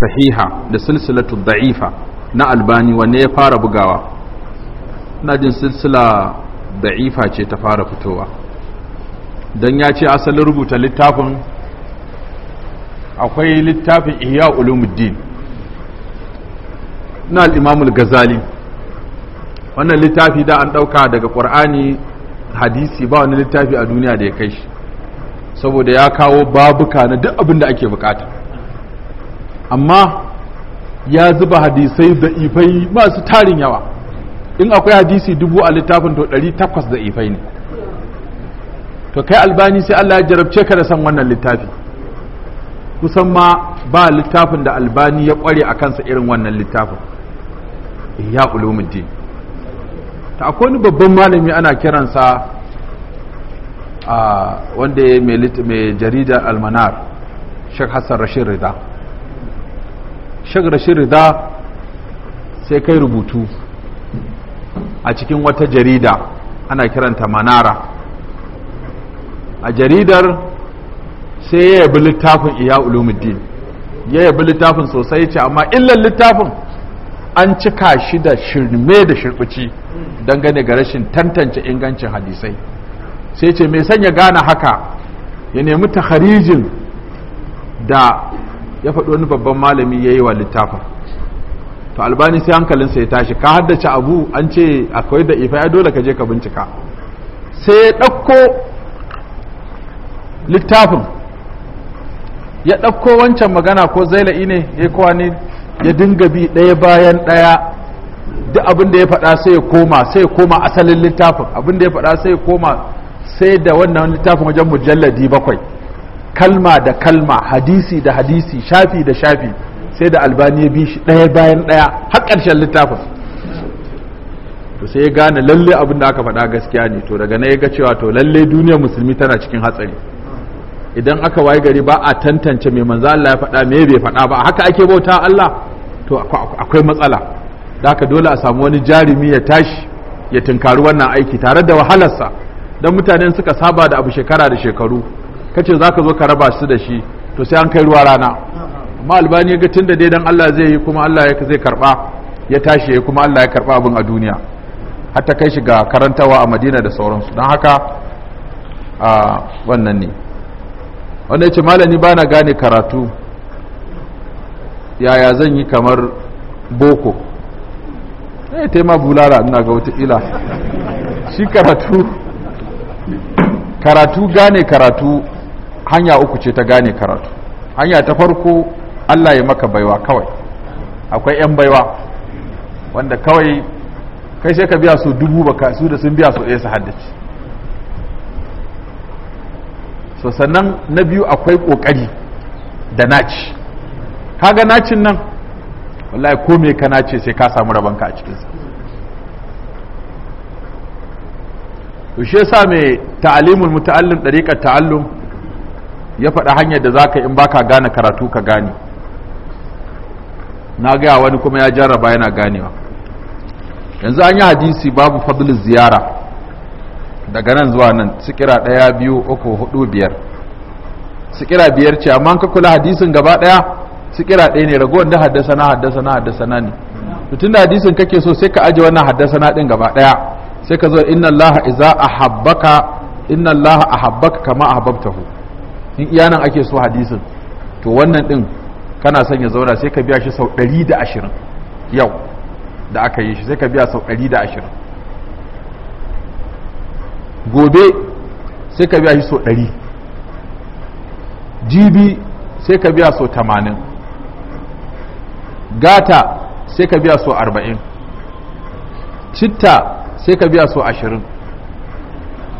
sahiha da silsilatu da'ifa na albani wanne ya fara bugawa na jin silsila da'ifa ce ta fara fitowa don ya ce asalin rubuta littafin akwai littafin iya ulumuddin na al'imamul gazali wannan littafi da an ɗauka daga ƙwar'ani hadisi ba wani littafi a duniya da ya kai shi saboda ya kawo babuka na duk abin da ake bukata amma ya zuba hadisai da ifai masu tarin yawa in akwai hadisi dubu a littafin to ɗari takwas da ifai ne to kai albani sai Allah ya jarabce ka da san wannan littafi kusan ma ba littafin da albani ya kware a kansa irin wannan littafin ya ulumuddin ta akwai wani babban malami ana kiransa a ah, wanda ya mai jarida almanar shek hassan rashid rida shagarashin rida sai kai rubutu a cikin wata jarida ana kiranta manara a jaridar sai ya yabi littafin iya ulumuddin ya yabi littafin sosai ce amma illan littafin an cika shi da shirme da shirkuci gane ga rashin tantance ingancin hadisai sai ce mai sanya gane haka ya nemi taharijin da ya faɗi wani babban malami ya yi wa littafin to albani sai hankalinsa ya tashi ka haddace abu an ce akwai da ifa ya dole ka je ka bincika sai ya ɗauko littafin ya ɗauko wancan magana ko zaila'i ne ya kowa ne ya dinga bi ɗaya bayan ɗaya duk abin da ya faɗa sai ya koma sai ya koma asalin littafin abin da ya faɗa sai ya koma sai da wannan littafin wajen mujalladi bakwai kalma da kalma hadisi da hadisi shafi da shafi sai da albani ya bi shi ɗaya bayan ɗaya har ƙarshen littafin to sai ya gane lalle abin da aka faɗa gaskiya ne to daga na ya ga cewa to lalle duniyar musulmi tana cikin hatsari idan aka waye gari ba a tantance mai manzo Allah ya faɗa me bai faɗa ba haka ake bauta Allah to akwai matsala da haka dole a samu wani jarumi ya tashi ya tunkari wannan aiki tare da wahalarsa don mutanen suka saba da abu shekara da shekaru kace za ka zo ka raba su da shi to sai an kai ruwa rana amma albani ya ga tun da dai dan Allah zai yi kuma Allah ya zai karba ya tashi ya kuma Allah ya karba abin a duniya hatta kai shi ga karantawa a Madina da sauransu don haka a wannan ne wanda yace ce malami bana gane karatu yaya zan yi kamar boko ya eh, taima bulara ina ga ila shi karatu karatu gane karatu hanya uku ce ta gane karatu hanya ta farko Allah ya maka baiwa kawai akwai 'yan baiwa wanda kawai kai sai ka biya su dubu baka su da sun biya su ɗaya su haddace so sannan na biyu akwai ƙoƙari da naci kaga nacin nan wallahi ko me ka nace sai ka samu rabon rabanka a cikinsa to shi yasa mai ta'alimul muta'allim dariqat ta'allum ya faɗa hanyar da zaka in baka gane karatu ka gane na gaya wani kuma ya jarraba yana ganewa yanzu an yi hadisi babu fadl ziyara daga nan zuwa nan sikira ɗaya biyu uku hudu biyar sikira biyar ce amma ka kula hadisin gaba ɗaya sikira ɗaya ne ragowar da haddasa na haddasa na haddasa na ne tun da hadisin kake so sai ka aji wannan haddasa na ɗin gaba ɗaya sai ka zo inna allaha iza habbaka inna allaha ahabbaka kama ahabbtahu in iya nan ake so hadisin to wannan din kana son ya zauna sai ka biya shi sau 120 yau da aka yi shi sai ka biya sau 120 gobe sai ka biya shi sau 100 jibi sai ka biya sau 80 gata sai ka biya sau 40 citta sai ka biya sau 20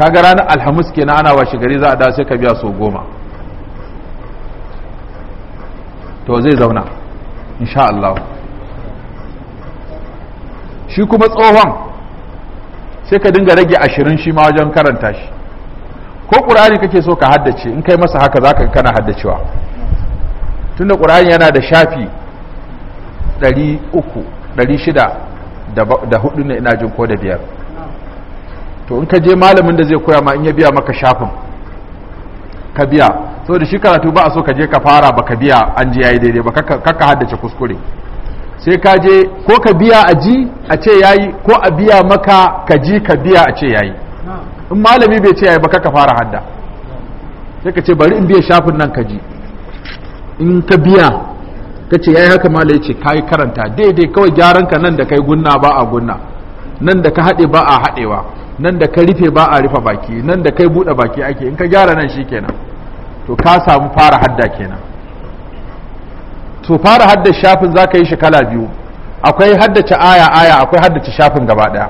kaga ranar alhamis kenan ana washe gari za a da sai ka biya sau 10 to zai zauna insha Allah shi kuma tsohon sai ka dinga rage ashirin shi ma wajen karanta shi ko ƙur'ani kake so ka haddace in kai masa haka za ka kana haddacewa tunda ƙur'ani yana da shafi 300 da hudu ne ina jin ko da biyar to in ka je malamin da zai koya ma in ya biya maka shafin ka biya so da shi karatu ba a so ka je ka fara baka biya an ji yayi daidai ba kakka haddace kuskure sai ka je ko ka biya a ji a ce yayi ko a biya maka ka ji ka biya a ce yayi in malami bai ce yayi ba kakka fara hadda sai ka ce bari in biya shafin nan ka ji in ka biya ka ce yayi haka malai ya ce kai karanta daidai kawai gyaran ka nan da kai gunna ba a gunna nan da ka haɗe ba a haɗewa nan da ka rufe ba a rufe baki nan da kai buɗe baki ake in ka gyara nan shi kenan. to ka samu fara hadda kenan to fara hadda shafin za ka yi shi kala biyu akwai haddace aya aya akwai haddace shafin gaba daya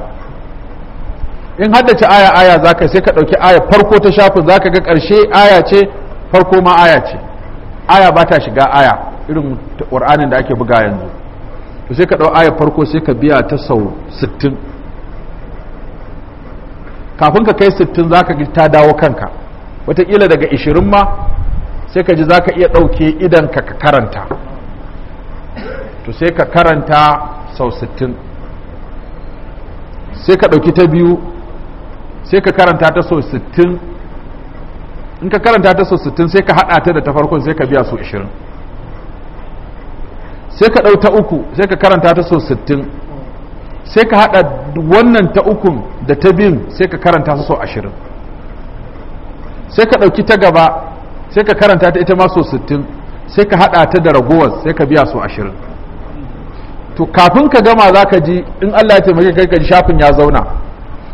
in haddace aya aya za ka sai ka ɗauki aya farko ta shafin za ka ga ƙarshe aya ce farko ma aya ce aya ba ta shiga aya irin ƙur'anin da ake buga yanzu to sai ka ɗau aya farko sai ka biya ta sau sittin kafin ka kai sittin za ka ta dawo kanka watakila daga ishirin ma sai ka ji za ka iya ɗauke idan ka karanta to sai ka karanta sau sittin sai ka ɗauki ta biyu sai ka karanta ta sau sittin in ka karanta ta sau sittin sai ka haɗa ta da ta farkon sai ka biya sau ishirin sai ka ɗau ta uku sai ka karanta ta sau sittin sai ka haɗa wannan ta ukun da ta biyun sai ka karanta su sau ashirin sai ka ɗauki ta gaba sai ka karanta ta ita ma so 60 sai ka haɗa ta da ragowar sai ka biya so 20 to kafin ka gama za ka ji in Allah ya taimake kai ka ji shafin ya zauna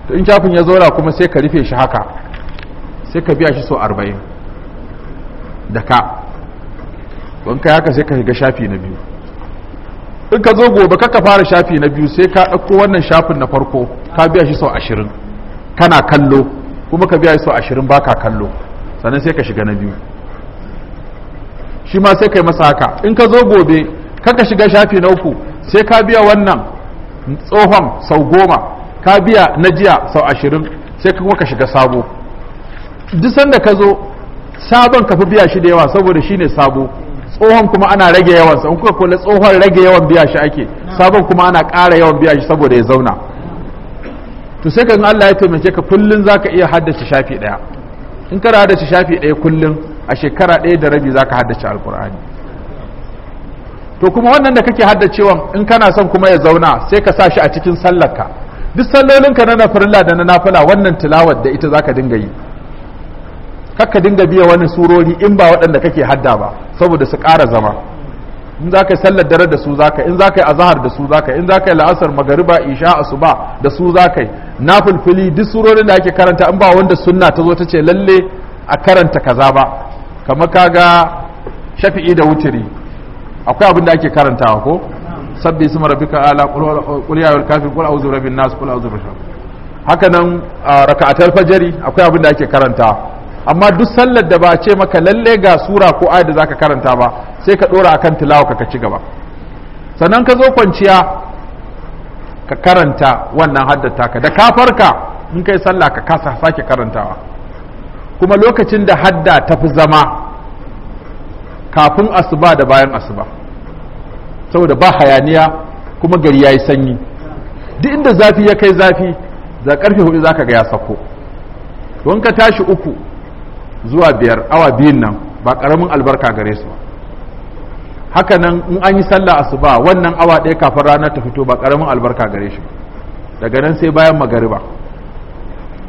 to in shafin ya zauna kuma sai ka rufe shi haka sai ka biya shi so 40 da ka don kai haka sai ka shiga shafi na biyu in ka zo gobe ka fara shafi na biyu sai ka ɗauko wannan shafin na farko ka biya shi sau ashirin kana kallo kuma ka biya su ashirin baka kallo sannan sai ka shiga na biyu shi ma sai ka yi masa haka in ka zo gobe kaka shiga shafi na uku sai ka biya wannan tsohon sau goma ka biya na jiya sau ashirin sai kuma ka shiga sabo duk sanda ka zo sabon ka fi biya shi da yawa saboda shi ne sabo tsohon kuma ana rage yawansa in kuka kula tsohon rage yawan biya shi ake sabon kuma ana ƙara yawan biya shi saboda ya zauna to sai ka Allah ya taimake ka kullun zaka iya haddace shafi daya in ka haddace shafi daya kullun a shekara ɗaya da rabi zaka haddace alqur'ani to kuma wannan da kake haddacewa in kana son kuma ya zauna sai ka sa shi a cikin sallarka duk sallolin ka na nafila da na nafila wannan tilawar da ita zaka dinga yi kakka dinga biya wani surori in ba waɗanda kake hadda ba saboda su ƙara zama in za ka yi sallar dare da su za ka in za ka yi azahar da su za ka in za ka yi la'asar magariba isha asuba da su za ka yi na fulfili duk surorin da ake karanta in ba wanda sunna ta zo ta ce lalle a karanta kaza ba kamar ga shafi'i da wutiri akwai abin da ake karantawa ko sabbi isma rabbika ala qul ya ayyuhal kafirun qul a'udhu birabbin nas qul a'udhu birabbil haka nan raka'atul fajri akwai abin da ake karantawa amma duk sallar da ba ce maka lalle ga sura ko ayat da zaka karanta ba sai ka dora akan tilawa ka ci gaba sannan ka zo kwanciya ka karanta wannan haddata ka da ka farka in kai sallah ka kasa sake karantawa kuma lokacin da hadda ta fi zama kafin asuba da bayan asuba saboda ba hayaniya kuma gari ya yi sanyi duk inda zafi ya kai zafi za karfe hudu zaka ga ya sako don ka tashi uku zuwa biyar awa biyun nan ba karamin albarka gare su ba haka nan in an yi sallah asuba wannan awa ɗaya kafin ranar ta fito ba karamin albarka gare shi daga nan sai bayan magari ba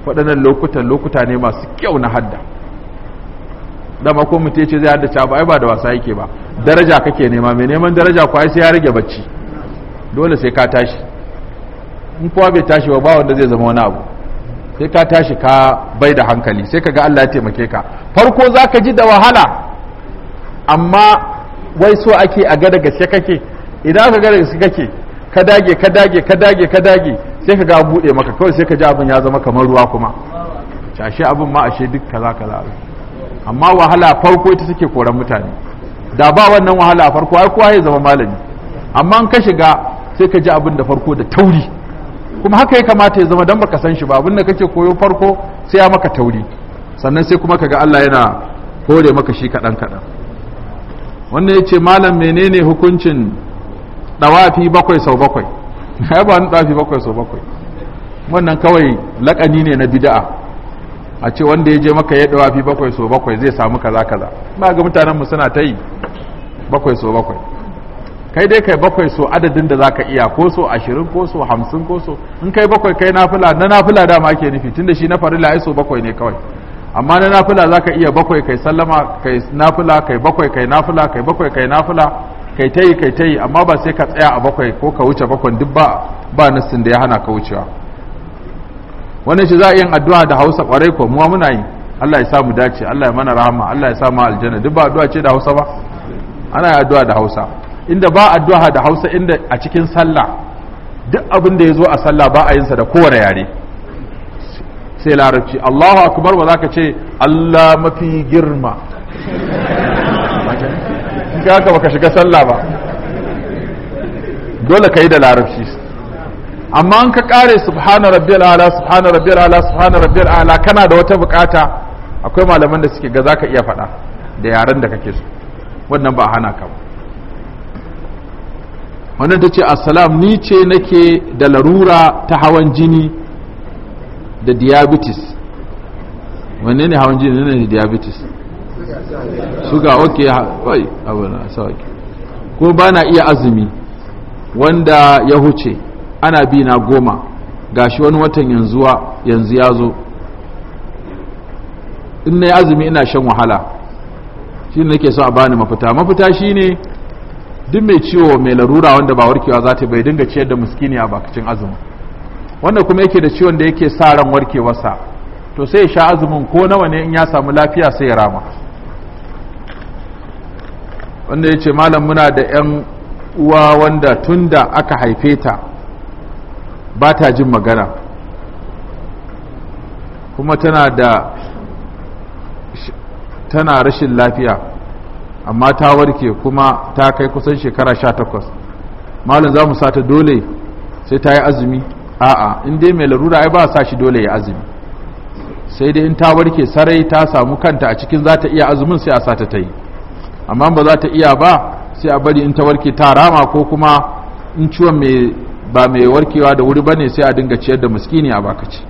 waɗannan lokutan lokuta ne masu kyau na hadda dama ko mutum ce zai hadda ba ai ba da wasa yake ba daraja kake nema mai neman daraja ko ai sai ya rage bacci dole sai ka tashi in kowa bai tashi ba ba wanda zai zama wani abu sai ka tashi ka bai da hankali sai ka ga Allah ya taimake ka farko za ka ji da wahala amma wai so ake a ga da gaske kake idan ka ga da gaske kake ka dage ka dage ka dage ka dage sai ka ga bude maka kawai sai ka ji abin ya zama kamar ruwa kuma cashe abin ma ashe duk kaza kaza amma wahala farko ita suke koran mutane da ba wannan wahala farko ai kowa ya zama malami amma an ka shiga sai ka ji abin da farko da tauri kuma haka ya kamata ya zama dan baka san shi ba abinda kake koyo farko sai ya maka tauri sannan sai kuma kaga Allah yana hore maka shi kaɗan kadan wannan yace malam menene hukuncin dawafi bakwai sau bakwai ya ba ni dawafi bakwai sau bakwai wannan kawai lakani ne na bid'a a ce wanda ya je maka ya dawafi bakwai sau bakwai zai samu kaza kaza ba ga mutanen mu suna ta yi bakwai sau bakwai kai dai kai bakwai so adadin da zaka iya ko so ashirin ko so hamsin ko so in kai bakwai kai nafila na nafila dama ake nufi tunda shi na farila ai so bakwai ne kawai amma na nafila zaka iya bakwai kai sallama kai nafila kai bakwai kai nafila kai bakwai kai nafila kai tayi kai tayi amma ba sai ka tsaya a bakwai ko ka wuce bakwai duk ba ba nassin da ya hana ka wucewa wannan shi za a yin addu'a da Hausa kwarai ko mu muna yi Allah ya samu dace Allah ya mana rahama Allah ya samu aljanna duk ba addu'a ce da Hausa ba ana addu'a da Hausa inda ba addu'a da hausa inda a cikin sallah duk abin da ya zo a sallah ba a yinsa da kowane yare sai larabci allahu akbar ba za ka ce allah mafi girma ga ka baka shiga sallah ba dole ka yi da larabci amma an ka kare subhana rabbiyal ala subhana rabbiyal ala subhana rabbiyal ala kana da wata bukata akwai malaman da suke ga zaka iya faɗa da yaren da kake so wannan ba hana ka ba wannan ta ce assalam ni ce nake da larura ta hawan jini da diabetes wanne ne hawan jini ne diabetes suga ok wai abuna sauki ko ba na iya azumi wanda ya huce ana bi na goma gashi wani watan yanzu ya zo in na yi azumi ina shan wahala shi nake so a bani mafita mafita shine ne duk mai ciwo mai larura wanda ba warkewa za ta bai dinga ciyar da muskini a bakacin azumin wanda kuma yake da ciwon da yake sa ran warkewarsa to sai ya sha azumin ko nawa ne in ya samu lafiya sai ya rama wanda ya ce malam muna da 'yan uwa wanda tun da aka haife ta ba ta jin magana kuma tana da tana rashin lafiya amma ta warke kuma ta kai kusan shekara sha takwas malam za mu sa ta dole sai ta yi azumi a'a in dai mai larura ai ba sa shi dole ya azumi sai dai in ta warke sarai ta samu kanta a cikin za ta iya azumin sai a sa ta ta yi amma ba za ta iya ba sai a bari in ta warke ta rama ko kuma in ciwon ba mai warkewa da wuri ba ne sai a dinga ciyar da miskini a bakaci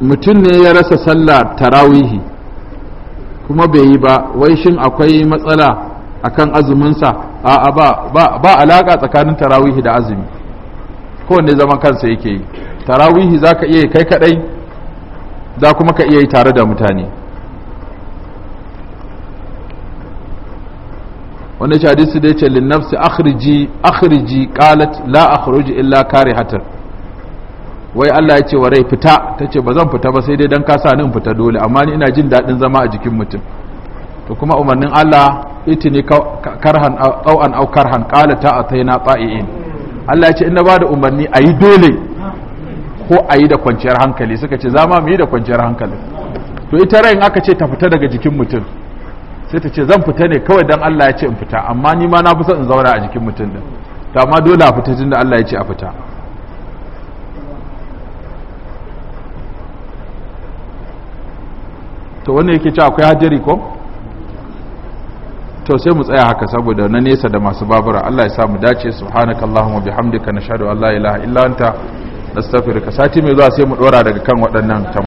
mutum ne ya rasa sallah tarawihi kuma bai yi ba wai shin akwai matsala akan azuminsa a ba ba alaka tsakanin tarawihi da azumi kowanne zama kansa yake yi tarawihi za ka iya kai kadai za kuma ka iya yi tare da mutane wani shi hadisi da ya ce linnafsi akhriji akhriji qalat la akhruju illa kare hatar. wai Allah ya ce wa rai fita ta ce ba zan fita ba sai dai don kasa ni fita dole amma ni ina jin daɗin zama a jikin mutum to kuma umarnin Allah iti ne karhan au'an au karhan kala ta a taina tsa'i'in Allah ya ce ina ba da umarni a yi dole ko a yi da kwanciyar hankali suka ce zama mu yi da kwanciyar hankali to ita rai aka ce ta fita daga jikin mutum sai ta ce zan fita ne kawai don Allah ya ce in fita amma ni ma na fi son in zauna a jikin mutum din to amma dole a fita tunda Allah ya ce a fita to wannan yake cewa akwai hajjari ko to sai mu tsaya haka saboda na nesa da masu babura Allah ya samu dace allahumma bihamdika nashhadu an la ilaha illa anta nastaghfiruka sati mai zuwa sai mu dora daga kan waɗannan